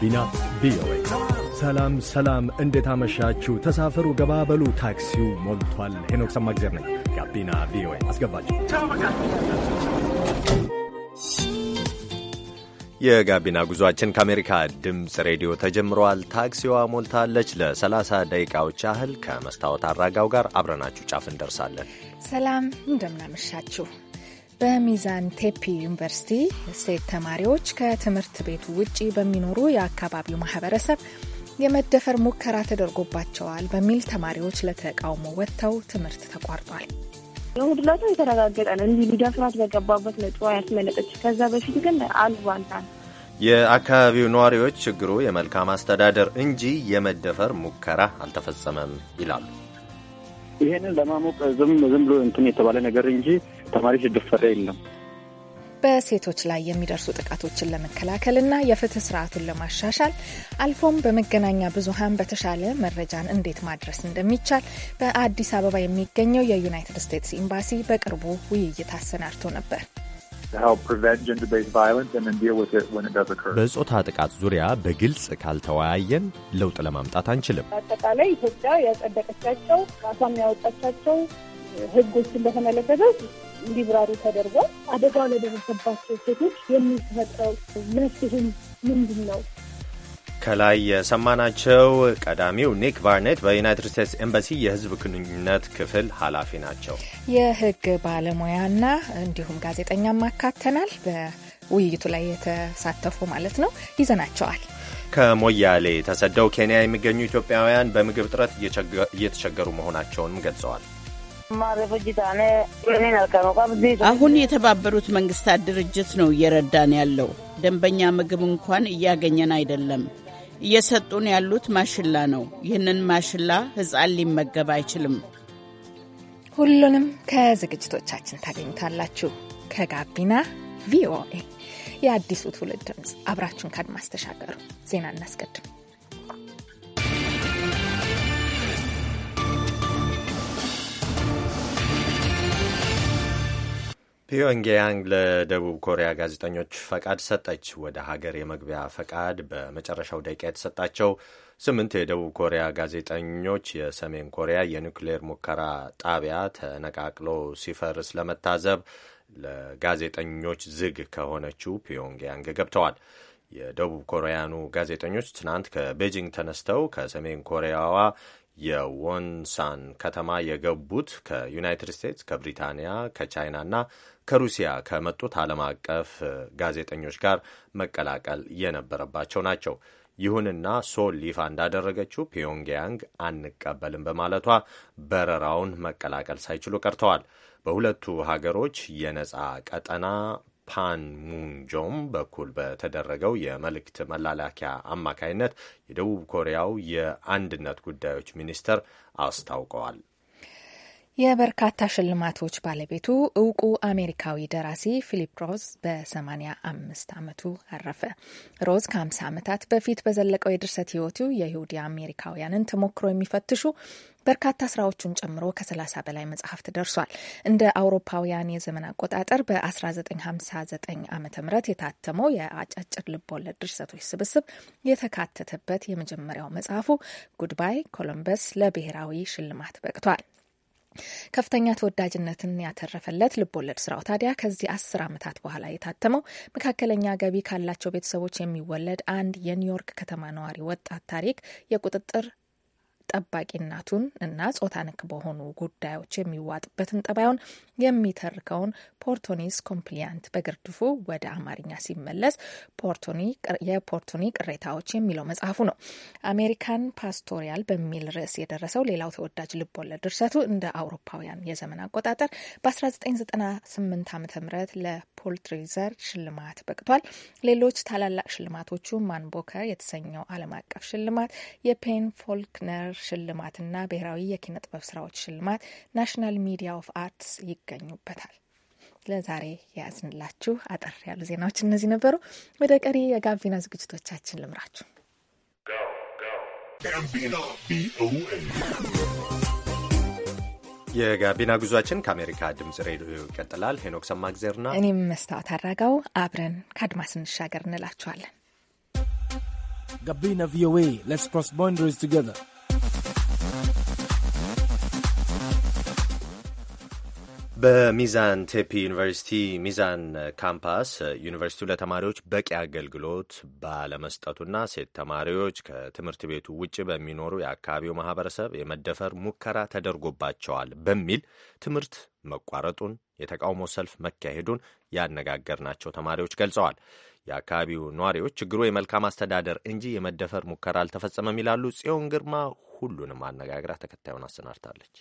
ጋቢና ቪኦኤ። ሰላም ሰላም፣ እንዴት አመሻችሁ? ተሳፈሩ፣ ገባበሉ፣ ታክሲው ሞልቷል። ሄኖክ ሰማግዜር ነኝ። ጋቢና ቪኦኤ አስገባችሁ። የጋቢና ጉዟችን ከአሜሪካ ድምፅ ሬዲዮ ተጀምረዋል። ታክሲዋ ሞልታለች። ለ30 ደቂቃዎች ያህል ከመስታወት አራጋው ጋር አብረናችሁ ጫፍ እንደርሳለን። ሰላም እንደምናመሻችሁ በሚዛን ቴፒ ዩኒቨርሲቲ ሴት ተማሪዎች ከትምህርት ቤቱ ውጪ በሚኖሩ የአካባቢው ማህበረሰብ የመደፈር ሙከራ ተደርጎባቸዋል በሚል ተማሪዎች ለተቃውሞ ወጥተው ትምህርት ተቋርጧል። ሁላቱ የተረጋገጠ ነው። እንዲህ ሊደፍራት በገባበት ነጥብ ያስመለጠች። ከዛ በፊት ግን አሉባልታ የአካባቢው ነዋሪዎች ችግሩ የመልካም አስተዳደር እንጂ የመደፈር ሙከራ አልተፈጸመም ይላሉ። ይሄንን ለማሞቅ ዝም ዝም ብሎ እንትን የተባለ ነገር እንጂ ተማሪ ድፈሬ የለም። በሴቶች ላይ የሚደርሱ ጥቃቶችን ለመከላከልና የፍትህ ስርዓቱን ለማሻሻል አልፎም በመገናኛ ብዙኃን በተሻለ መረጃን እንዴት ማድረስ እንደሚቻል በአዲስ አበባ የሚገኘው የዩናይትድ ስቴትስ ኤምባሲ በቅርቡ ውይይት አሰናድቶ ነበር። በጾታ ጥቃት ዙሪያ በግልጽ ካልተወያየን ለውጥ ለማምጣት አንችልም። በአጠቃላይ ኢትዮጵያ ያጸደቀቻቸው ራሷም ያወጣቻቸው ሕጎችን በተመለከተ እንዲብራሩ ተደርጓል። አደጋው ለደረሰባቸው ሴቶች የሚፈጥረው መፍትሄም ምንድን ነው? ከላይ የሰማናቸው ቀዳሚው ኒክ ባርኔት በዩናይትድ ስቴትስ ኤምባሲ የህዝብ ግንኙነት ክፍል ኃላፊ ናቸው። ባለሙያ ባለሙያና እንዲሁም ጋዜጠኛም አካተናል። በውይይቱ ላይ የተሳተፉ ማለት ነው ይዘናቸዋል። ከሞያሌ ተሰደው ኬንያ የሚገኙ ኢትዮጵያውያን በምግብ እጥረት እየተቸገሩ መሆናቸውንም ገልጸዋል። አሁን የተባበሩት መንግስታት ድርጅት ነው እየረዳን ያለው። ደንበኛ ምግብ እንኳን እያገኘን አይደለም። እየሰጡን ያሉት ማሽላ ነው። ይህንን ማሽላ ሕፃን ሊመገብ አይችልም። ሁሉንም ከዝግጅቶቻችን ታገኙታላችሁ። ከጋቢና ቪኦኤ የአዲሱ ትውልድ ድምፅ አብራችሁን ካድማስ ተሻገሩ። ዜና እናስቀድም። ፒዮንግያንግ ለደቡብ ኮሪያ ጋዜጠኞች ፈቃድ ሰጠች። ወደ ሀገር የመግቢያ ፈቃድ በመጨረሻው ደቂቃ የተሰጣቸው ስምንት የደቡብ ኮሪያ ጋዜጠኞች የሰሜን ኮሪያ የኒውክሌር ሙከራ ጣቢያ ተነቃቅሎ ሲፈርስ ለመታዘብ ለጋዜጠኞች ዝግ ከሆነችው ፒዮንግያንግ ገብተዋል። የደቡብ ኮሪያኑ ጋዜጠኞች ትናንት ከቤጂንግ ተነስተው ከሰሜን ኮሪያዋ የወንሳን ከተማ የገቡት ከዩናይትድ ስቴትስ፣ ከብሪታንያ፣ ከቻይናና ከሩሲያ ከመጡት ዓለም አቀፍ ጋዜጠኞች ጋር መቀላቀል የነበረባቸው ናቸው። ይሁንና ሶል ይፋ እንዳደረገችው ፒዮንግያንግ አንቀበልም በማለቷ በረራውን መቀላቀል ሳይችሉ ቀርተዋል። በሁለቱ ሀገሮች የነጻ ቀጠና ፓንሙንጆም በኩል በተደረገው የመልእክት መላላኪያ አማካይነት የደቡብ ኮሪያው የአንድነት ጉዳዮች ሚኒስተር አስታውቀዋል። የበርካታ ሽልማቶች ባለቤቱ እውቁ አሜሪካዊ ደራሲ ፊሊፕ ሮዝ በ85 ዓመቱ አረፈ። ሮዝ ከ50 ዓመታት በፊት በዘለቀው የድርሰት ህይወቱ የይሁዲ አሜሪካውያንን ተሞክሮ የሚፈትሹ በርካታ ስራዎቹን ጨምሮ ከ30 በላይ መጽሐፍት ደርሷል። እንደ አውሮፓውያን የዘመን አቆጣጠር በ1959 ዓ ም የታተመው የአጫጭር ልቦለድ ድርሰቶች ስብስብ የተካተተበት የመጀመሪያው መጽሐፉ ጉድባይ ኮሎምበስ ለብሔራዊ ሽልማት በቅቷል። ከፍተኛ ተወዳጅነትን ያተረፈለት ልቦለድ ስራው ታዲያ ከዚህ አስር ዓመታት በኋላ የታተመው መካከለኛ ገቢ ካላቸው ቤተሰቦች የሚወለድ አንድ የኒውዮርክ ከተማ ነዋሪ ወጣት ታሪክ የቁጥጥር ጠባቂናቱን እና ጾታ ነክ በሆኑ ጉዳዮች የሚዋጥበትን ጠባዩን የሚተርከውን ፖርቶኒስ ኮምፕሊያንት በግርድፉ ወደ አማርኛ ሲመለስ ፖርቶኒ የፖርቶኒ ቅሬታዎች የሚለው መጽሐፉ ነው። አሜሪካን ፓስቶሪያል በሚል ርዕስ የደረሰው ሌላው ተወዳጅ ልቦለድ ድርሰቱ እንደ አውሮፓውያን የዘመን አቆጣጠር በ1998 ዓ ም ለፖልትሪዘር ሽልማት በቅቷል። ሌሎች ታላላቅ ሽልማቶቹ ማንቦከር የተሰኘው ዓለም አቀፍ ሽልማት፣ የፔን ፎልክነር ሽልማትና ብሔራዊ የኪነ ጥበብ ስራዎች ሽልማት ናሽናል ሚዲያ ኦፍ አርትስ ይገኙበታል። ለዛሬ የያዝንላችሁ አጠር ያሉ ዜናዎች እነዚህ ነበሩ። ወደ ቀሪ የጋቢና ዝግጅቶቻችን ልምራችሁ። የጋቢና ጉዟችን ከአሜሪካ ድምጽ ሬዲዮ ይቀጥላል። ሄኖክ ሰማግዜርና እኔም መስታወት አድራጋው አብረን ከአድማስ እንሻገር እንላችኋለን። ጋቢና ቪኦኤ ሌትስ ክሮስ ባውንደሪስ ቱጌዘር በሚዛን ቴፒ ዩኒቨርሲቲ ሚዛን ካምፓስ ዩኒቨርሲቲው ለተማሪዎች በቂ አገልግሎት ባለመስጠቱና ሴት ተማሪዎች ከትምህርት ቤቱ ውጭ በሚኖሩ የአካባቢው ማህበረሰብ የመደፈር ሙከራ ተደርጎባቸዋል በሚል ትምህርት መቋረጡን የተቃውሞ ሰልፍ መካሄዱን ያነጋገርናቸው ተማሪዎች ገልጸዋል። የአካባቢው ነዋሪዎች ችግሩ የመልካም አስተዳደር እንጂ የመደፈር ሙከራ አልተፈጸመም ይላሉ። ጽዮን ግርማ ሁሉንም አነጋግራ ተከታዩን አሰናድታለች።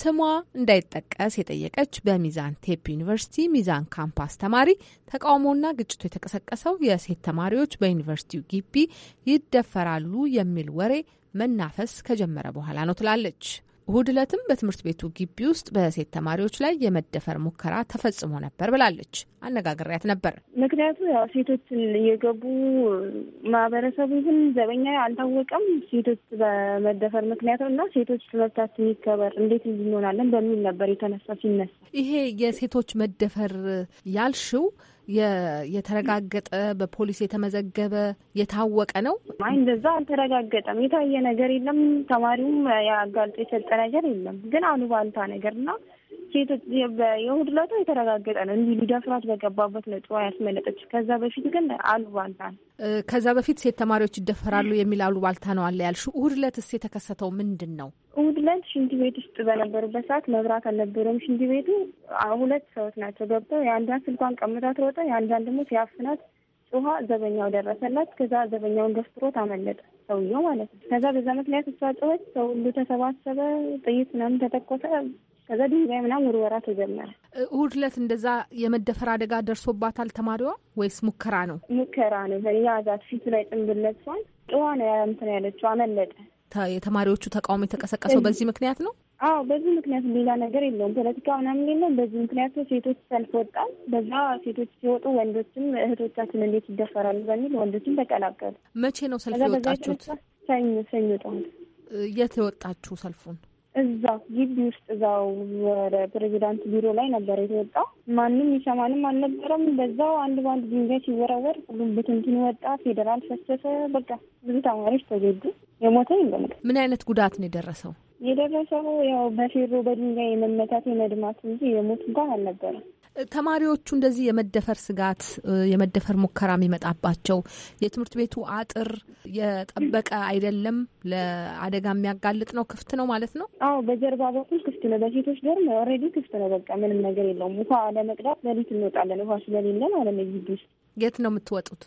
ስሟ እንዳይጠቀስ የጠየቀች በሚዛን ቴፕ ዩኒቨርሲቲ ሚዛን ካምፓስ ተማሪ ተቃውሞና ግጭቱ የተቀሰቀሰው የሴት ተማሪዎች በዩኒቨርሲቲው ግቢ ይደፈራሉ የሚል ወሬ መናፈስ ከጀመረ በኋላ ነው ትላለች። እሁድ ዕለትም በትምህርት ቤቱ ግቢ ውስጥ በሴት ተማሪዎች ላይ የመደፈር ሙከራ ተፈጽሞ ነበር ብላለች። አነጋግሪያት ነበር። ምክንያቱ ያው ሴቶችን እየገቡ ማህበረሰቡ ግን ዘበኛ አልታወቀም። ሴቶች በመደፈር ምክንያቱ እና ሴቶች ትምህርታችን ይከበር እንዴት እንሆናለን በሚል ነበር የተነሳ ሲነሳ ይሄ የሴቶች መደፈር ያልሽው የተረጋገጠ በፖሊስ የተመዘገበ የታወቀ ነው? አይ እንደዛ አልተረጋገጠም። የታየ ነገር የለም። ተማሪውም አጋልጦ የሰጠ ነገር የለም። ግን አሉባልታ ነገር እና የእሑድ የተረጋገጠ ነው። እንዲህ ሊደፍራት በገባበት ነጥብ ያስመለጠች። ከዛ በፊት ግን አሉባልታ ነው። ከዛ በፊት ሴት ተማሪዎች ይደፈራሉ የሚል አሉባልታ ነው አለ ያልሽው። እሑድ ዕለትስ የተከሰተው ምንድን ነው? እሑድ ዕለት ሽንት ቤት ውስጥ በነበሩበት ሰዓት መብራት አልነበረም። ሽንት ቤቱ ሁለት ሰዎች ናቸው ገብተው የአንዷን ስልኳን ቀምታት ሮጠ፣ የአንዷን ደግሞ ሲያፍናት ጮኋ ዘበኛው ደረሰላት። ከዛ ዘበኛውን ገፍትሮት ታመለጠ ሰውየው ማለት ነው። ከዛ በዛ ምክንያት እሷ ጮኸች፣ ሰው ሁሉ ተሰባሰበ፣ ጥይት ምናምን ተተኮሰ። ከዛ ድንጋይ ምናምን ውርወራ ተጀመረ። እሁድ ዕለት እንደዛ የመደፈር አደጋ ደርሶባታል ተማሪዋ ወይስ ሙከራ ነው? ሙከራ ነው። ያዛት ፊቱ ላይ ጥንብለት ሲሆን ጮኋ ነው ያምትን ያለችው አመለጠ የተማሪዎቹ ተቃውሞ የተቀሰቀሰው በዚህ ምክንያት ነው? አዎ በዚህ ምክንያት ሌላ ነገር የለውም። ፖለቲካ ምናምን የለውም። በዚህ ምክንያት ሴቶች ሰልፍ ወጣል። በዛ ሴቶች ሲወጡ ወንዶችም እህቶቻችን እንዴት ይደፈራሉ በሚል ወንዶችም ተቀላቀሉ። መቼ ነው ሰልፍ የወጣችሁት? ሰኞ ሰኞ ጠዋት። የት የወጣችሁ ሰልፉን? እዛ ግቢ ውስጥ እዛው ወደ ፕሬዚዳንት ቢሮ ላይ ነበር የተወጣው። ማንም ይሰማንም አልነበረም። በዛው አንድ በአንድ ድንጋይ ሲወረወር ሁሉም ብትንትን ወጣ። ፌዴራል ፈሰሰ። በቃ ብዙ ተማሪዎች ተጎዱ። የሞተ ይበልቅ ምን አይነት ጉዳት ነው የደረሰው? የደረሰው ያው በፌሮ በድንጋይ የመመታት የመድማት እንጂ የሞት እንኳን አልነበረም። ተማሪዎቹ እንደዚህ የመደፈር ስጋት የመደፈር ሙከራ የሚመጣባቸው የትምህርት ቤቱ አጥር የጠበቀ አይደለም፣ ለአደጋ የሚያጋልጥ ነው፣ ክፍት ነው ማለት ነው። አዎ በጀርባ በኩል ክፍት ነው። በሴቶች ደርም ኦልሬዲ ክፍት ነው። በቃ ምንም ነገር የለውም። ውሃ ለመቅዳት ለሊት እንወጣለን፣ ውሃ ስለሌለ ማለት ነው። የት ነው የምትወጡት?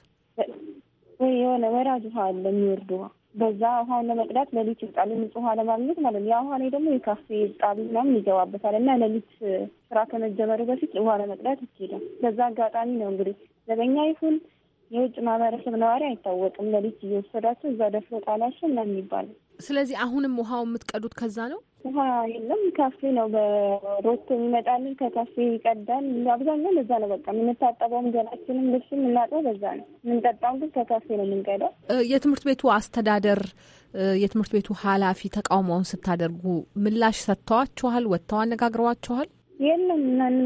ወይ የሆነ ወራጅ ውሃ አለ የሚወርድ ውሃ በዛ ውሃውን ለመቅዳት ሌሊት ይወጣሉ፣ ንጹህ ውሃ ለማግኘት ማለት ነው። ያ ውሃ ላይ ደግሞ የካፌ ጣቢ ምናምን ይገባበታል እና ሌሊት ስራ ከመጀመሩ በፊት ውሃ ለመቅዳት ይሄዳል። በዛ አጋጣሚ ነው እንግዲህ ዘበኛ ይሁን የውጭ ማህበረሰብ ነዋሪ አይታወቅም። ለሊት እየወሰዳቸው እዛ ደፍሮ ጣላቸው እና የሚባለው። ስለዚህ አሁንም ውሃው የምትቀዱት ከዛ ነው? ውሃ የለም፣ ካፌ ነው በሮቶ የሚመጣልን ከካፌ ይቀዳል። አብዛኛው በዛ ነው። በቃ የምንታጠበውም ገላችንም ልብስም እናጥበው በዛ ነው። የምንጠጣው ግን ከካፌ ነው የምንቀዳው። የትምህርት ቤቱ አስተዳደር የትምህርት ቤቱ ኃላፊ ተቃውሞውን ስታደርጉ ምላሽ ሰጥተዋችኋል? ወጥተው አነጋግረዋችኋል? የለም ምናምን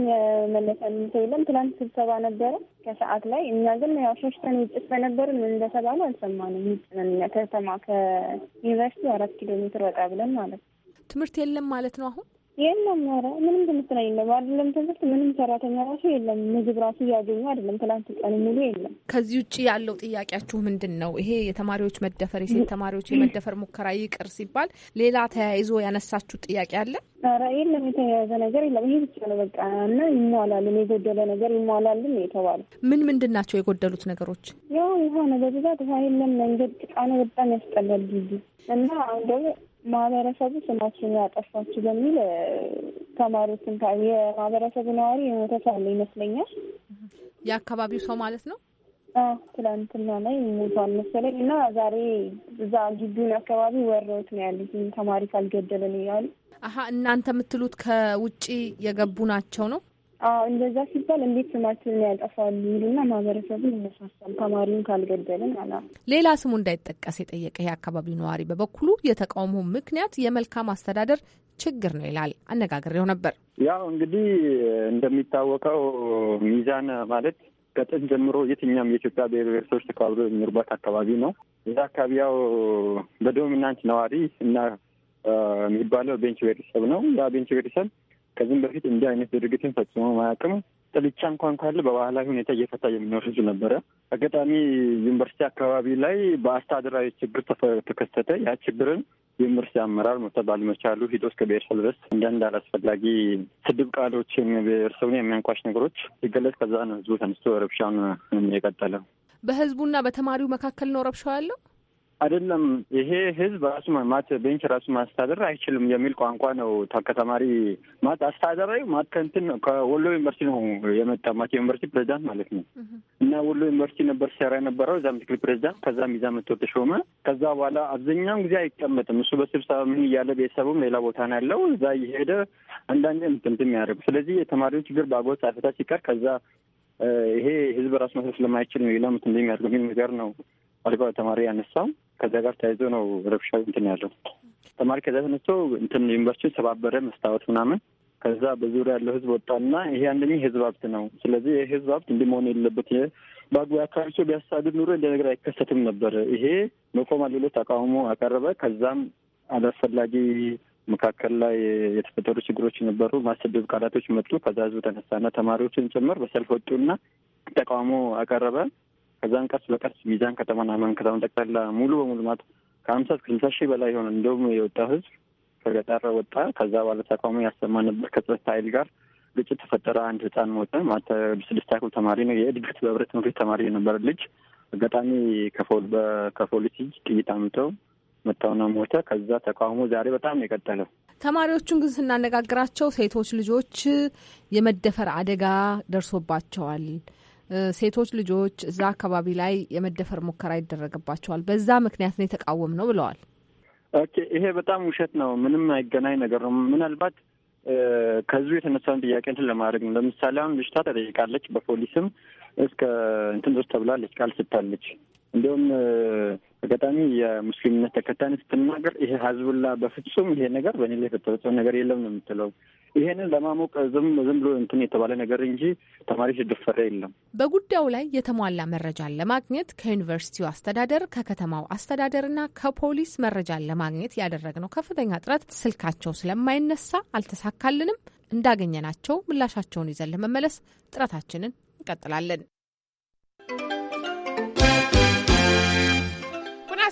መለሰን የለም። ትናንት ስብሰባ ነበረ ከሰዓት ላይ እኛ ግን ያው ሸሽተን ውጭ ስለነበርን ምን ነው አልሰማንም። ውጭ ነን እኛ ከተማ ከዩኒቨርሲቲ አራት ኪሎ ሜትር ወጣ ብለን ማለት ነው። ትምህርት የለም ማለት ነው አሁን የለም ኧረ ምንም ትምህርት ነው የለም። አይደለም ትምህርት ምንም ሰራተኛ ራሱ የለም። ምግብ ራሱ እያገኙ አይደለም። ትላንት ቀን ሙሉ የለም። ከዚህ ውጭ ያለው ጥያቄያችሁ ምንድን ነው? ይሄ የተማሪዎች መደፈር የሴት ተማሪዎች የመደፈር ሙከራ ይቅር ሲባል ሌላ ተያይዞ ያነሳችሁ ጥያቄ አለ? ኧረ የለም፣ የተያያዘ ነገር የለም። ይሄ ብቻ ነው በቃ እና ይሟላልን፣ የጎደለ ነገር ይሟላልን የተባለ ምን ምንድን ናቸው የጎደሉት ነገሮች? ያው የሆነ በብዛት ውሃ የለም፣ መንገድ ጭቃ ነው፣ በጣም ያስጠላል። እና አሁን ደግሞ ማህበረሰቡ ስማችን ያጠፋችሁ በሚል ተማሪዎችን የማህበረሰቡ ነዋሪ የሞተ ሰው አለ ይመስለኛል። የአካባቢው ሰው ማለት ነው። ትላንትና ላይ ሞቷል መሰለኝ እና ዛሬ እዛ ግቢውን አካባቢ ወረውት ነው ያሉት። ተማሪ ካልገደለን እያሉ አሀ እናንተ የምትሉት ከውጭ የገቡ ናቸው ነው እንደዛ ሲባል እንዴት ስማችንን ያጠፋሉ ይልና ማህበረሰቡን ይነሳሳል። ተማሪውን ካልገደልን አላ ሌላ ስሙ እንዳይጠቀስ የጠየቀ የአካባቢው ነዋሪ በበኩሉ የተቃውሞ ምክንያት የመልካም አስተዳደር ችግር ነው ይላል። አነጋግሬው ነበር። ያው እንግዲህ እንደሚታወቀው ሚዛን ማለት ከጥንት ጀምሮ የትኛውም የኢትዮጵያ ብሔር ብሔረሰቦች ተከባብሮ የሚኖሩበት አካባቢ ነው። እዛ አካባቢ ያው በዶሚናንት ነዋሪ እና የሚባለው ቤንች ቤተሰብ ነው። ያ ቤንች ቤተሰብ ከዚህም በፊት እንዲህ አይነት ድርጊትን ፈጽሞ ማያቅም ጥልቻ እንኳን ካለ በባህላዊ ሁኔታ እየፈታ የሚኖር ህዝብ ነበረ። አጋጣሚ ዩኒቨርሲቲ አካባቢ ላይ በአስተዳደራዊ ችግር ተከሰተ። ያ ችግርን ዩኒቨርሲቲ አመራር መፍታት ባልመቻሉ ሂዶ እስከ ብሔረሰብ ድረስ አንዳንድ አላስፈላጊ ስድብ ቃሎችን፣ ብሔረሰቡን የሚያንቋሽ ነገሮች ሲገለጽ ከዛ ነው ህዝቡ ተነስቶ ረብሻውን የቀጠለው። በህዝቡና በተማሪው መካከል ነው ረብሻው ያለው። አይደለም ይሄ ህዝብ ራሱ ማት ቤንች ራሱ ማስተዳደር አይችልም የሚል ቋንቋ ነው። ከተማሪ ማት አስተዳደራዊ ማት ከንትን ከወሎ ዩኒቨርሲቲ ነው የመጣ ማት ዩኒቨርሲቲ ፕሬዚዳንት ማለት ነው። እና ወሎ ዩኒቨርሲቲ ነበር ሲሰራ የነበረው እዛ ምክትል ፕሬዚዳንት፣ ከዛ ሚዛ መቶ ተሾመ። ከዛ በኋላ አብዛኛውን ጊዜ አይቀመጥም እሱ በስብሰባ ምን እያለ ቤተሰቡም ሌላ ቦታ ነው ያለው፣ እዛ እየሄደ አንዳንዴ ምትምትም ያደርጉ። ስለዚህ የተማሪዎች ችግር በአጎት ሳይፈታ ሲቀር ከዛ ይሄ ህዝብ ራሱ መስለ ስለማይችል ነው ሌላ ምትምትም ያደርጉ የሚል ነገር ነው አልጋ ተማሪ ያነሳው ከዛ ጋር ተያይዞ ነው ረብሻ እንትን ያለው ተማሪ ከዛ ተነስቶ እንትን ዩኒቨርሲቲውን ሰባበረ መስታወት ምናምን። ከዛ በዙሪያ ያለው ህዝብ ወጣና ይሄ አንደኛ የህዝብ ሀብት ነው። ስለዚህ ይህ ህዝብ ሀብት እንዲህ መሆን የለበት በአግቡ አካባቢ ሰው ቢያሳድድ ኑሮ እንደ ነገር አይከሰትም ነበር። ይሄ መቆም ሌሎች ተቃውሞ አቀረበ። ከዛም አላስፈላጊ መካከል ላይ የተፈጠሩ ችግሮች ነበሩ። ማሰደብ ቃላቶች መጡ። ከዛ ህዝቡ ተነሳና ተማሪዎችን ጭምር በሰልፍ ወጡና ተቃውሞ አቀረበ። ከዛን ቀስ በቀስ ሚዛን ከተማና አማን ከተማን ጠቅላላ ሙሉ በሙሉ ማለት ከሀምሳ እስከ ስልሳ ሺህ በላይ የሆነ እንደውም የወጣው ህዝብ ከገጠር ወጣ። ከዛ ባለ ተቃውሞ ያሰማ ነበር። ከጸጥታ ኃይል ጋር ግጭት ተፈጠረ። አንድ ህፃን ሞተ። ማተ ስድስት ያክል ተማሪ ነው የእድገት በህብረት ትምህርት ቤት ተማሪ የነበረ ልጅ አጋጣሚ ከፖሊሲ ጥይት አምተው መታውና ሞተ። ከዛ ተቃውሞ ዛሬ በጣም የቀጠለው። ተማሪዎቹን ግን ስናነጋግራቸው ሴቶች ልጆች የመደፈር አደጋ ደርሶባቸዋል ሴቶች ልጆች እዛ አካባቢ ላይ የመደፈር ሙከራ ይደረግባቸዋል። በዛ ምክንያት ነው የተቃወም ነው ብለዋል። ኦኬ፣ ይሄ በጣም ውሸት ነው። ምንም አይገናኝ ነገር ነው። ምናልባት ከዚሁ የተነሳውን ጥያቄ እንትን ለማድረግ ነው። ለምሳሌ አሁን ልጅቷ ተጠይቃለች፣ በፖሊስም እስከ እንትን ድረስ ተብላለች፣ ቃል ስታለች። እንዲሁም አጋጣሚ የሙስሊምነት ተከታይነት ስትናገር ይሄ ሀዝቡላ በፍጹም ይሄ ነገር በእኔ ላይ የተፈጸመ ነገር የለም ነው የምትለው። ይሄንን ለማሞቅ ዝም ዝም ብሎ እንትን የተባለ ነገር እንጂ ተማሪዎች የደፈረ የለም። በጉዳዩ ላይ የተሟላ መረጃን ለማግኘት ከዩኒቨርሲቲው አስተዳደር፣ ከከተማው አስተዳደር እና ከፖሊስ መረጃን ለማግኘት ያደረግነው ከፍተኛ ጥረት ስልካቸው ስለማይነሳ አልተሳካልንም። እንዳገኘናቸው ምላሻቸውን ይዘን ለመመለስ ጥረታችንን እንቀጥላለን።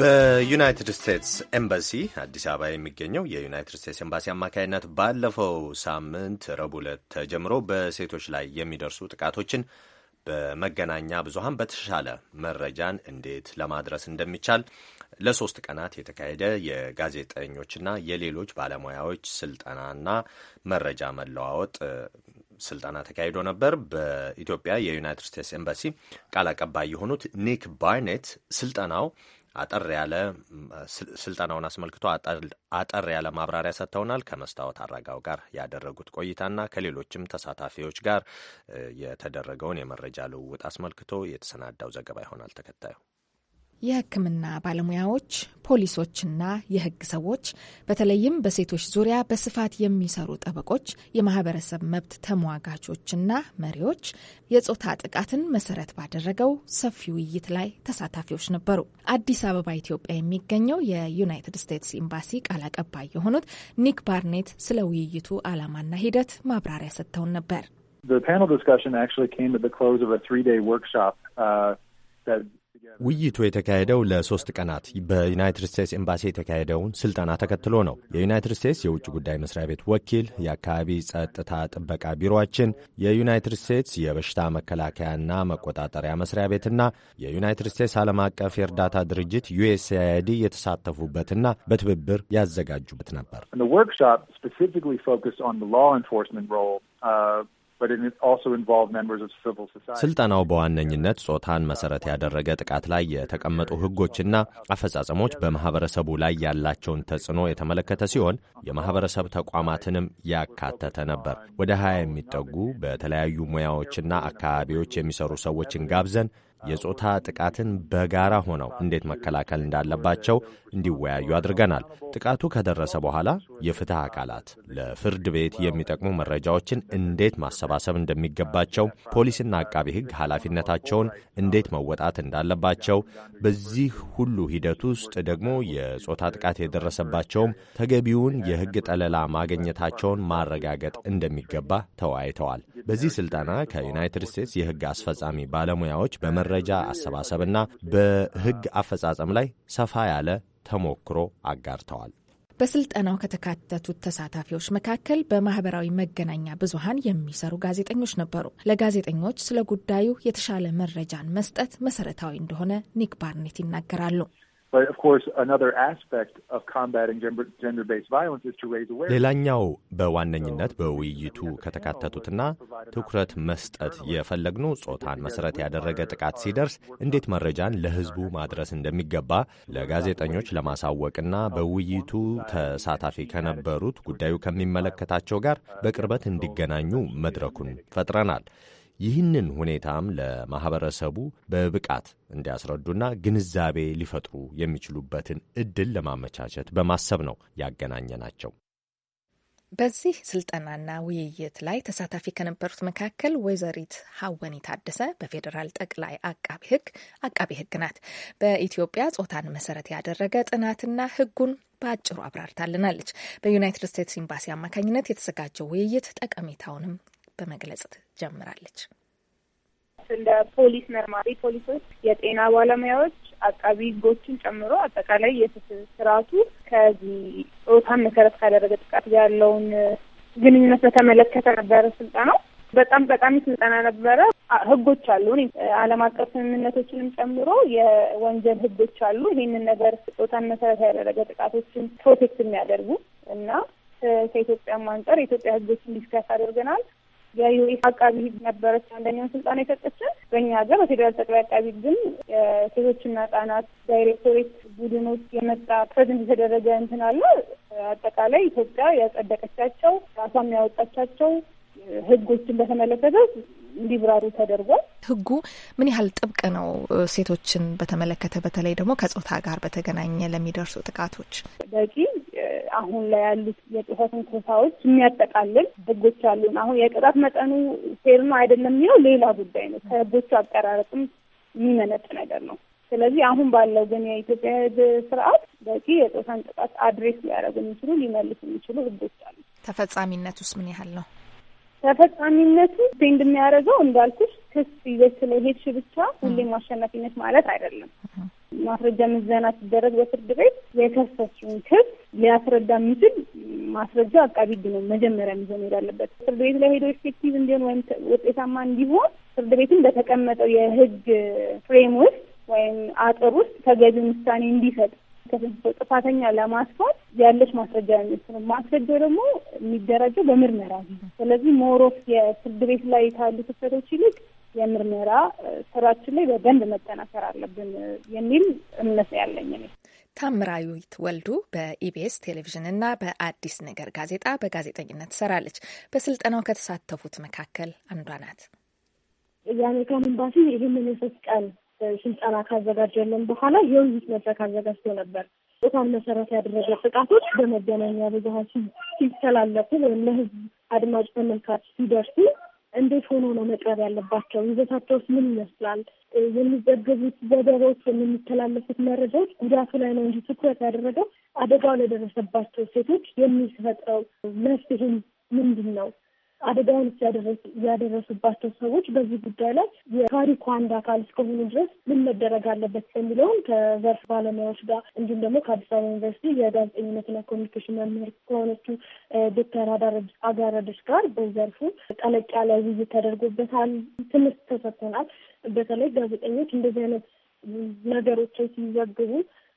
በዩናይትድ ስቴትስ ኤምባሲ አዲስ አበባ የሚገኘው የዩናይትድ ስቴትስ ኤምባሲ አማካይነት ባለፈው ሳምንት ረቡዕ ዕለት ተጀምሮ በሴቶች ላይ የሚደርሱ ጥቃቶችን በመገናኛ ብዙሃን በተሻለ መረጃን እንዴት ለማድረስ እንደሚቻል ለሶስት ቀናት የተካሄደ የጋዜጠኞችና የሌሎች ባለሙያዎች ስልጠናና መረጃ መለዋወጥ ስልጠና ተካሂዶ ነበር። በኢትዮጵያ የዩናይትድ ስቴትስ ኤምባሲ ቃል አቀባይ የሆኑት ኒክ ባርኔት ስልጠናው አጠር ያለ ስልጠናውን አስመልክቶ አጠር ያለ ማብራሪያ ሰጥተውናል። ከመስታወት አድራጋው ጋር ያደረጉት ቆይታና ከሌሎችም ተሳታፊዎች ጋር የተደረገውን የመረጃ ልውውጥ አስመልክቶ የተሰናዳው ዘገባ ይሆናል ተከታዩ። የሕክምና ባለሙያዎች፣ ፖሊሶችና የህግ ሰዎች በተለይም በሴቶች ዙሪያ በስፋት የሚሰሩ ጠበቆች፣ የማህበረሰብ መብት ተሟጋቾችና መሪዎች የጾታ ጥቃትን መሰረት ባደረገው ሰፊ ውይይት ላይ ተሳታፊዎች ነበሩ። አዲስ አበባ ኢትዮጵያ የሚገኘው የዩናይትድ ስቴትስ ኤምባሲ ቃል አቀባይ የሆኑት ኒክ ባርኔት ስለ ውይይቱ ዓላማና ሂደት ማብራሪያ ሰጥተውን ነበር። The panel discussion actually came at the close of a three-day workshop uh, that ውይይቱ የተካሄደው ለሶስት ቀናት በዩናይትድ ስቴትስ ኤምባሲ የተካሄደውን ስልጠና ተከትሎ ነው። የዩናይትድ ስቴትስ የውጭ ጉዳይ መስሪያ ቤት ወኪል፣ የአካባቢ ጸጥታ ጥበቃ ቢሮችን የዩናይትድ ስቴትስ የበሽታ መከላከያና መቆጣጠሪያ መስሪያ ቤትና የዩናይትድ ስቴትስ ዓለም አቀፍ የእርዳታ ድርጅት ዩኤስአይዲ የተሳተፉበትና በትብብር ያዘጋጁበት ነበር። ስልጠናው በዋነኝነት ጾታን መሰረት ያደረገ ጥቃት ላይ የተቀመጡ ህጎችና አፈጻጸሞች በማህበረሰቡ ላይ ያላቸውን ተጽዕኖ የተመለከተ ሲሆን የማህበረሰብ ተቋማትንም ያካተተ ነበር። ወደ ሀያ የሚጠጉ በተለያዩ ሙያዎችና አካባቢዎች የሚሰሩ ሰዎችን ጋብዘን የጾታ ጥቃትን በጋራ ሆነው እንዴት መከላከል እንዳለባቸው እንዲወያዩ አድርገናል። ጥቃቱ ከደረሰ በኋላ የፍትህ አካላት ለፍርድ ቤት የሚጠቅሙ መረጃዎችን እንዴት ማሰባሰብ እንደሚገባቸው፣ ፖሊስና አቃቤ ሕግ ኃላፊነታቸውን እንዴት መወጣት እንዳለባቸው፣ በዚህ ሁሉ ሂደት ውስጥ ደግሞ የጾታ ጥቃት የደረሰባቸውም ተገቢውን የሕግ ጠለላ ማግኘታቸውን ማረጋገጥ እንደሚገባ ተወያይተዋል። በዚህ ስልጠና ከዩናይትድ ስቴትስ የሕግ አስፈጻሚ ባለሙያዎች በመ መረጃ አሰባሰብና በሕግ አፈጻጸም ላይ ሰፋ ያለ ተሞክሮ አጋርተዋል። በስልጠናው ከተካተቱት ተሳታፊዎች መካከል በማህበራዊ መገናኛ ብዙሃን የሚሰሩ ጋዜጠኞች ነበሩ። ለጋዜጠኞች ስለ ጉዳዩ የተሻለ መረጃን መስጠት መሰረታዊ እንደሆነ ኒክ ባርኔት ይናገራሉ። ሌላኛው በዋነኝነት በውይይቱ ከተካተቱትና ትኩረት መስጠት የፈለግነው ጾታን መሰረት ያደረገ ጥቃት ሲደርስ እንዴት መረጃን ለሕዝቡ ማድረስ እንደሚገባ ለጋዜጠኞች ለማሳወቅና በውይይቱ ተሳታፊ ከነበሩት ጉዳዩ uh, ከሚመለከታቸው ጋር uh, በቅርበት እንዲገናኙ መድረኩን ፈጥረናል። ይህንን ሁኔታም ለማህበረሰቡ በብቃት እንዲያስረዱና ግንዛቤ ሊፈጥሩ የሚችሉበትን እድል ለማመቻቸት በማሰብ ነው ያገናኘ ናቸው። በዚህ ስልጠናና ውይይት ላይ ተሳታፊ ከነበሩት መካከል ወይዘሪት ሀወኒ ታደሰ በፌዴራል ጠቅላይ አቃቢ ሕግ አቃቢ ሕግ ናት። በኢትዮጵያ ጾታን መሰረት ያደረገ ጥናትና ሕጉን በአጭሩ አብራርታልናለች። በዩናይትድ ስቴትስ ኤምባሲ አማካኝነት የተዘጋጀው ውይይት ጠቀሜታውንም በመግለጽ ጀምራለች። እንደ ፖሊስ መርማሪ ፖሊሶች፣ የጤና ባለሙያዎች፣ አቃቢ ህጎችን ጨምሮ አጠቃላይ የፍትህ ስርዓቱ ከዚህ ጾታን መሰረት ካደረገ ጥቃት ጋር ያለውን ግንኙነት በተመለከተ ነበረ ስልጠናው። በጣም ጠቃሚ ስልጠና ነበረ። ህጎች አሉ፣ ዓለም አቀፍ ስምምነቶችንም ጨምሮ የወንጀል ህጎች አሉ። ይህንን ነገር ጾታን መሰረት ያደረገ ጥቃቶችን ፕሮቴክት የሚያደርጉ እና ከኢትዮጵያም አንጻር የኢትዮጵያ ህጎች እንዲስከፍ አድርገናል። የዩኤስ አቃቢ ህግ ነበረች አንደኛውን ስልጣን የሰጠችን። በእኛ ሀገር በፌዴራል ጠቅላይ አቃቢ ግን የሴቶችና ህጻናት ዳይሬክቶሬት ቡድኖች የመጣ ፕሬዘንት የተደረገ እንትን አለ። አጠቃላይ ኢትዮጵያ ያጸደቀቻቸው ራሷም ያወጣቻቸው ህጎችን በተመለከተ እንዲብራሩ ተደርጓል። ህጉ ምን ያህል ጥብቅ ነው? ሴቶችን በተመለከተ በተለይ ደግሞ ከጾታ ጋር በተገናኘ ለሚደርሱ ጥቃቶች በቂ አሁን ላይ ያሉት የጾታ ትንኮሳዎች የሚያጠቃልል ህጎች አሉን። አሁን የቅጣት መጠኑ ፌር ነው አይደለም የሚለው ሌላ ጉዳይ ነው። ከህጎቹ አቀራረጥም የሚመነጥ ነገር ነው። ስለዚህ አሁን ባለው ግን የኢትዮጵያ ህግ ስርዓት በቂ የጾታን ቅጣት አድሬስ ሊያደርጉ የሚችሉ ሊመልሱ የሚችሉ ህጎች አሉ። ተፈጻሚነት ውስጥ ምን ያህል ነው? ተፈጻሚነቱ ፔንድ የሚያደርገው እንዳልኩሽ ክስ ይዘሽ ስለሄድሽ ብቻ ሁሌም አሸናፊነት ማለት አይደለም። ማስረጃ ምዘና ሲደረግ በፍርድ ቤት የከሰሱን ክስ ሊያስረዳ የሚችል ማስረጃ አቃቢ ሕግ ነው መጀመሪያ ሚዘን ሄድ አለበት። ፍርድ ቤት ላይ ሄዶ ኤፌክቲቭ እንዲሆን ወይም ውጤታማ እንዲሆን ፍርድ ቤትም በተቀመጠው የህግ ፍሬም ውስጥ ወይም አጥር ውስጥ ተገቢውን ውሳኔ እንዲሰጥ ከሰው ጥፋተኛ ለማስፋት ያለች ማስረጃ የሚስ ነው። ማስረጃው ደግሞ የሚደራጀው በምርመራ ስለዚህ ሞሮፍ የፍርድ ቤት ላይ ካሉ ክፍተቶች ይልቅ የምርመራ ስራችን ላይ በደንብ መጠናከር አለብን የሚል እምነት ያለኝ እኔ። ታምራዊት ወልዱ በኢቢኤስ ቴሌቪዥንና በአዲስ ነገር ጋዜጣ በጋዜጠኝነት ትሰራለች። በስልጠናው ከተሳተፉት መካከል አንዷ ናት። የአሜሪካን ኤምባሲ ይህንን የሶስት ቀን ስልጠና ካዘጋጀልን በኋላ የውይይት መድረክ አዘጋጅቶ ነበር። ጾታን መሰረት ያደረገ ጥቃቶች በመገናኛ ብዙኃን ሲተላለፉ ወይም ለህዝብ አድማጭ ተመልካች ሲደርሱ እንዴት ሆኖ ነው መቅረብ ያለባቸው? ይዘታቸውስ ምን ይመስላል? የሚዘገቡት ዘገባዎች ወይም የሚተላለፉት መረጃዎች ጉዳቱ ላይ ነው እንጂ ትኩረት ያደረገው አደጋው ለደረሰባቸው ሴቶች የሚፈጥረው መፍትሄም ምንድን ነው? አደጋውን ያደረሱባቸው ሰዎች በዚህ ጉዳይ ላይ የታሪኩ አንድ አካል እስከሆኑ ድረስ ምን መደረግ አለበት በሚለውም ከዘርፍ ባለሙያዎች ጋር እንዲሁም ደግሞ ከአዲስ አበባ ዩኒቨርሲቲ የጋዜጠኝነትና ኮሚኒኬሽን መምህር ከሆነችው ዶክተር አጋረደች ጋር በዘርፉ ጠለቅ ያለ ውይይት ተደርጎበታል። ትምህርት ተሰጥቶናል። በተለይ ጋዜጠኞች እንደዚህ አይነት ነገሮችን ሲዘግቡ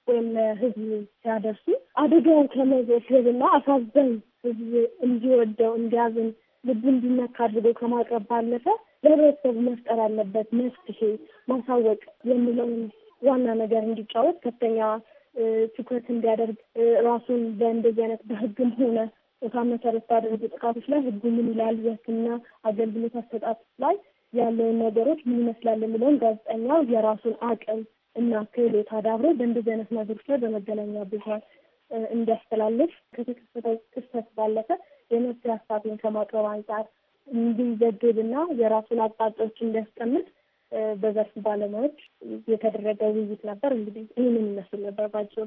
ወይም ለህዝብ ሲያደርሱ አደጋውን ከመዘገብ አሳዛኝ ሕዝብ እንዲወደው እንዲያዝን ልቡ እንዲነካ አድርጎ ከማቅረብ ባለፈ ለህብረተሰቡ መፍጠር ያለበት መፍትሄ ማሳወቅ የሚለውን ዋና ነገር እንዲጫወት ከፍተኛ ትኩረት እንዲያደርግ ራሱን በእንደዚህ አይነት በህግም ሆነ ጾታን መሰረት ባደረጉ ጥቃቶች ላይ ህጉ ምን ይላል፣ የሕክምና አገልግሎት አሰጣጥ ላይ ያለውን ነገሮች ምን ይመስላል የሚለውን ጋዜጠኛው የራሱን አቅም እና ክህሎት አዳብሮ በእንደዚህ አይነት ነገሮች ላይ በመገናኛ ብዙኃን እንዲያስተላልፍ ከተከሰተው ክስተት ባለፈ የመፍትሄ ሀሳብን ከማቅረብ አንጻር እንዲዘግብና የራሱን አቅጣጫዎች እንዲያስቀምጥ በዘርፍ ባለሙያዎች የተደረገ ውይይት ነበር። እንግዲህ ይህንን ይመስል ነበር ባጭሩ።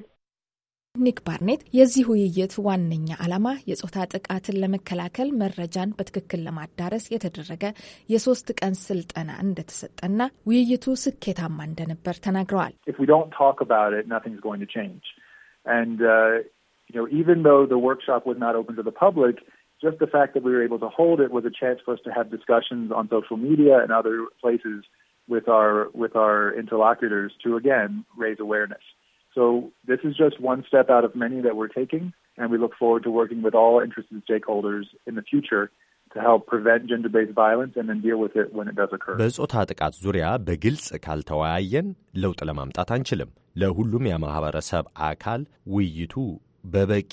ኒክ ባርኔት የዚህ ውይይት ዋነኛ ዓላማ የጾታ ጥቃትን ለመከላከል መረጃን በትክክል ለማዳረስ የተደረገ የሶስት ቀን ስልጠና እንደተሰጠና ውይይቱ ስኬታማ እንደነበር ተናግረዋል። And uh, you know, even just the fact that we were able to hold it was a chance for us to have discussions on social media and other places with our with our interlocutors to again raise awareness. So this is just one step out of many that we're taking, and we look forward to working with all interested stakeholders in the future to help prevent gender-based violence and then deal with it when it does occur. በጾታ ጥቃት ዙሪያ በግልጽ ካልተወያየን ለውጥ ለማምጣት አንችልም። ለሁሉም የማህበረሰብ አካል ውይይቱ በበቂ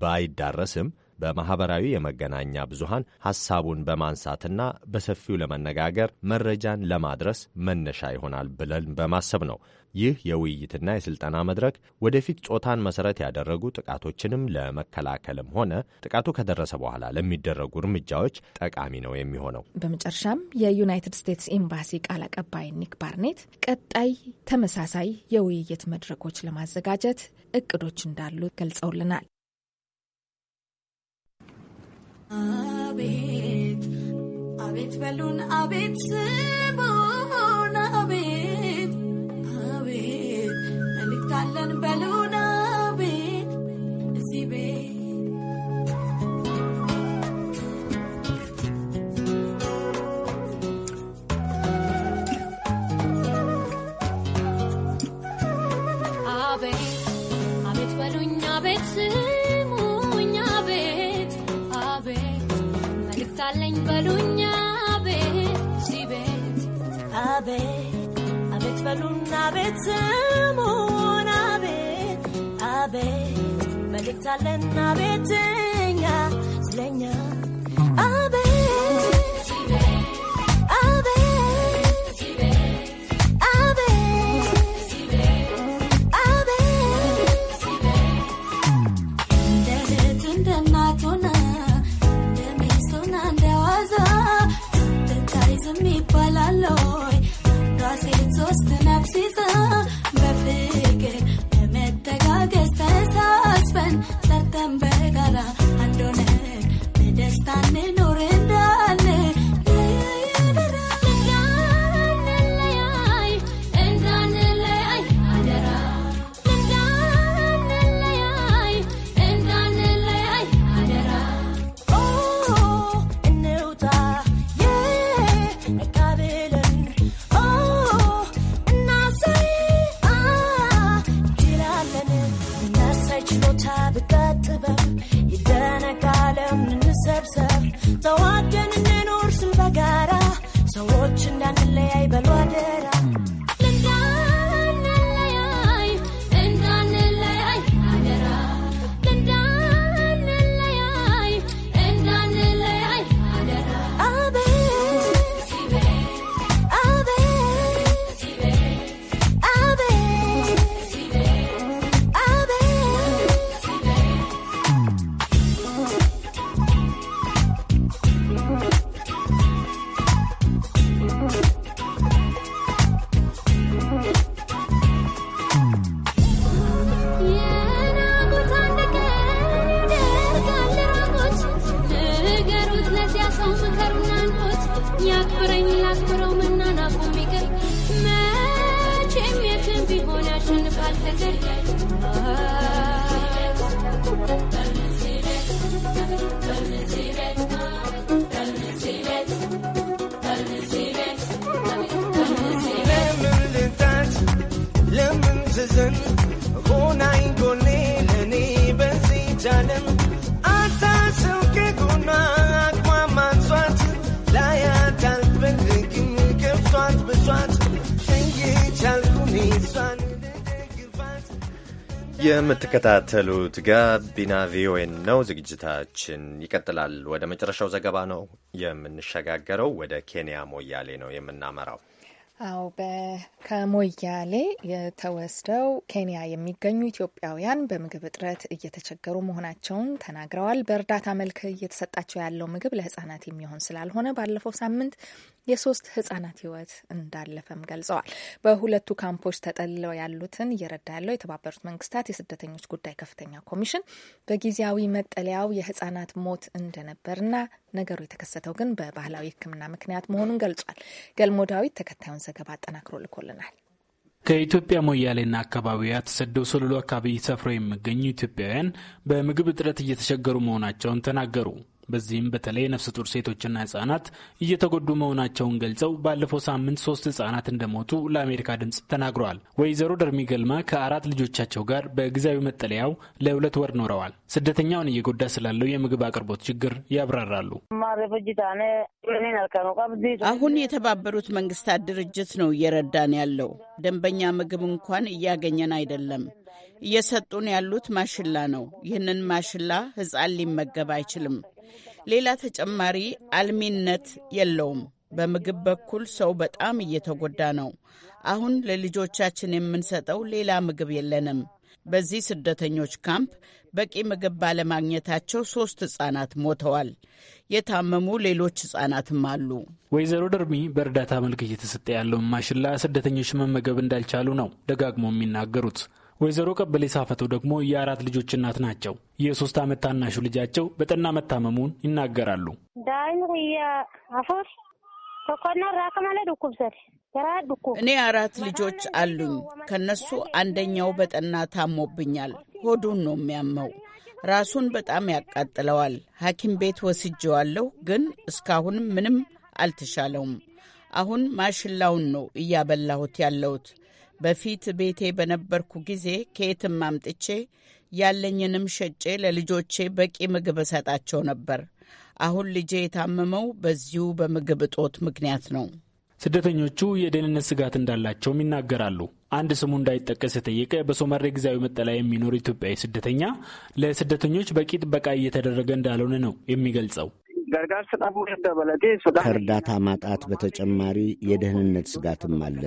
ባይዳረስም በማኅበራዊ የመገናኛ ብዙሃን ሐሳቡን በማንሳትና በሰፊው ለመነጋገር መረጃን ለማድረስ መነሻ ይሆናል ብለን በማሰብ ነው። ይህ የውይይትና የሥልጠና መድረክ ወደፊት ጾታን መሠረት ያደረጉ ጥቃቶችንም ለመከላከልም ሆነ ጥቃቱ ከደረሰ በኋላ ለሚደረጉ እርምጃዎች ጠቃሚ ነው የሚሆነው። በመጨረሻም የዩናይትድ ስቴትስ ኤምባሲ ቃል አቀባይ ኒክ ባርኔት ቀጣይ ተመሳሳይ የውይይት መድረኮች ለማዘጋጀት እቅዶች እንዳሉ ገልጸውልናል። አቤት አቤት በሉን አቤት ስሙን አቤት አቤት መልክታለን እንሞታለን አቤትኛ ስለኛ Lemin zizin, gonai goni leni benzi jane. የምትከታተሉት ጋቢና ቪኦኤ ነው። ዝግጅታችን ይቀጥላል። ወደ መጨረሻው ዘገባ ነው የምንሸጋገረው። ወደ ኬንያ ሞያሌ ነው የምናመራው። አዎ ከሞያሌ ተወስደው ኬንያ የሚገኙ ኢትዮጵያውያን በምግብ እጥረት እየተቸገሩ መሆናቸውን ተናግረዋል። በእርዳታ መልክ እየተሰጣቸው ያለው ምግብ ለህጻናት የሚሆን ስላልሆነ ባለፈው ሳምንት የሶስት ህጻናት ህይወት እንዳለፈም ገልጸዋል። በሁለቱ ካምፖች ተጠልለው ያሉትን እየረዳ ያለው የተባበሩት መንግስታት የስደተኞች ጉዳይ ከፍተኛ ኮሚሽን በጊዜያዊ መጠለያው የህጻናት ሞት እንደነበርና ነገሩ የተከሰተው ግን በባህላዊ ሕክምና ምክንያት መሆኑን ገልጿል። ገልሞ ዳዊት ተከታዩን ዘገባ አጠናክሮ ልኮልናል። ከኢትዮጵያ ሞያሌና አካባቢዋ ተሰደው ሶሎሎ አካባቢ ሰፍረው የሚገኙ ኢትዮጵያውያን በምግብ እጥረት እየተቸገሩ መሆናቸውን ተናገሩ። በዚህም በተለይ ነፍሰ ጡር ሴቶችና ህጻናት እየተጎዱ መሆናቸውን ገልጸው ባለፈው ሳምንት ሶስት ህጻናት እንደሞቱ ለአሜሪካ ድምፅ ተናግረዋል። ወይዘሮ ደርሚ ገልማ ከአራት ልጆቻቸው ጋር በጊዜያዊ መጠለያው ለሁለት ወር ኖረዋል። ስደተኛውን እየጎዳ ስላለው የምግብ አቅርቦት ችግር ያብራራሉ። አሁን የተባበሩት መንግስታት ድርጅት ነው እየረዳን ያለው። ደንበኛ ምግብ እንኳን እያገኘን አይደለም። እየሰጡን ያሉት ማሽላ ነው። ይህንን ማሽላ ሕፃን ሊመገብ አይችልም። ሌላ ተጨማሪ አልሚነት የለውም። በምግብ በኩል ሰው በጣም እየተጎዳ ነው። አሁን ለልጆቻችን የምንሰጠው ሌላ ምግብ የለንም። በዚህ ስደተኞች ካምፕ በቂ ምግብ ባለማግኘታቸው ሶስት ህጻናት ሞተዋል። የታመሙ ሌሎች ህጻናትም አሉ። ወይዘሮ ደርሚ በእርዳታ መልክ እየተሰጠ ያለውን ማሽላ ስደተኞች መመገብ እንዳልቻሉ ነው ደጋግሞ የሚናገሩት። ወይዘሮ ቀበሌ ሳፈተው ደግሞ የአራት ልጆች እናት ናቸው። የሶስት ዓመት ታናሹ ልጃቸው በጠና መታመሙን ይናገራሉ። እኔ አራት ልጆች አሉኝ። ከነሱ አንደኛው በጠና ታሞብኛል። ሆዱን ነው የሚያመው። ራሱን በጣም ያቃጥለዋል። ሐኪም ቤት ወስጄዋለሁ፣ ግን እስካሁን ምንም አልተሻለውም። አሁን ማሽላውን ነው እያበላሁት ያለሁት። በፊት ቤቴ በነበርኩ ጊዜ ከየትም አምጥቼ ያለኝንም ሸጬ ለልጆቼ በቂ ምግብ እሰጣቸው ነበር። አሁን ልጄ የታመመው በዚሁ በምግብ እጦት ምክንያት ነው። ስደተኞቹ የደህንነት ስጋት እንዳላቸውም ይናገራሉ። አንድ ስሙ እንዳይጠቀስ የጠየቀ በሶማሌ ጊዜያዊ መጠለያ የሚኖር ኢትዮጵያዊ ስደተኛ ለስደተኞች በቂ ጥበቃ እየተደረገ እንዳልሆነ ነው የሚገልጸው። ከእርዳታ ማጣት በተጨማሪ የደህንነት ስጋትም አለ።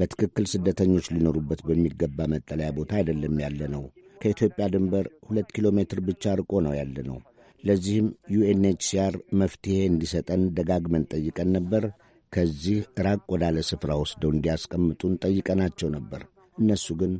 በትክክል ስደተኞች ሊኖሩበት በሚገባ መጠለያ ቦታ አይደለም ያለ ነው። ከኢትዮጵያ ድንበር ሁለት ኪሎ ሜትር ብቻ ርቆ ነው ያለ ነው። ለዚህም ዩኤንኤችሲአር መፍትሄ እንዲሰጠን ደጋግመን ጠይቀን ነበር። ከዚህ ራቅ ወዳለ ስፍራ ወስደው እንዲያስቀምጡን ጠይቀናቸው ነበር። እነሱ ግን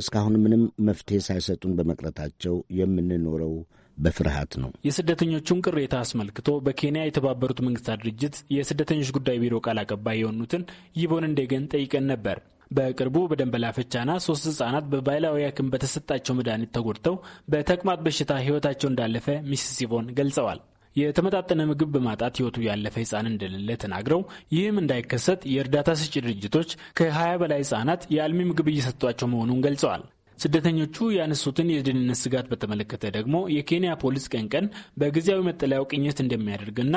እስካሁን ምንም መፍትሄ ሳይሰጡን በመቅረታቸው የምንኖረው በፍርሃት ነው። የስደተኞቹን ቅሬታ አስመልክቶ በኬንያ የተባበሩት መንግስታት ድርጅት የስደተኞች ጉዳይ ቢሮ ቃል አቀባይ የሆኑትን ይቦን እንደገን ጠይቀን ነበር። በቅርቡ በደንበላ ና ሶስት ህጻናት በባህላዊ ሐኪም በተሰጣቸው መድኃኒት ተጎድተው በተቅማጥ በሽታ ህይወታቸው እንዳለፈ ሚስስ ይቦን ገልጸዋል። የተመጣጠነ ምግብ በማጣት ህይወቱ ያለፈ ህጻን እንደሌለ ተናግረው ይህም እንዳይከሰት የእርዳታ ሰጪ ድርጅቶች ከ20 በላይ ህጻናት የአልሚ ምግብ እየሰጧቸው መሆኑን ገልጸዋል። ስደተኞቹ ያነሱትን የደህንነት ስጋት በተመለከተ ደግሞ የኬንያ ፖሊስ ቀን ቀን በጊዜያዊ መጠለያው ቅኝት እንደሚያደርግና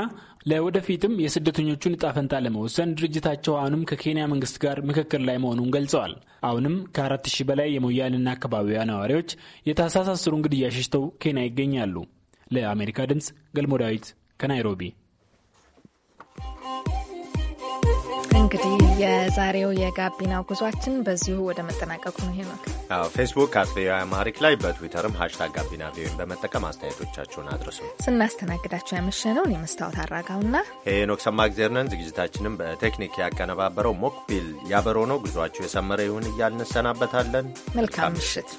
ለወደፊትም የስደተኞቹን እጣ ፈንታ ለመወሰን ድርጅታቸው አሁንም ከኬንያ መንግስት ጋር ምክክር ላይ መሆኑን ገልጸዋል። አሁንም ከአራት ሺህ በላይ የሞያሌና አካባቢዋ ነዋሪዎች የታህሳስ አስሩን ግድያ ሸሽተው ኬንያ ይገኛሉ። ለአሜሪካ ድምፅ ገልሞ ዳዊት ከናይሮቢ እንግዲህ የዛሬው የጋቢና ጉዟችን በዚሁ ወደ መጠናቀቁ ነው። ሄኖክ ፌስቡክ አት ቪኦኤ አማሪክ ላይ በትዊተርም ሀሽታግ ጋቢና ቪን በመጠቀም አስተያየቶቻችሁን አድርሱ። ስናስተናግዳችሁ ያመሸነው የመስታወት መስታወት አራጋውና ሄኖክ ሰማ ነን። ዝግጅታችንም በቴክኒክ ያቀነባበረው ሞክቢል ያበሮ ነው። ጉዟችሁ የሰመረ ይሁን እያልን እንሰናበታለን። መልካም ምሽት።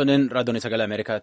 Tunin raadiyoon sagalee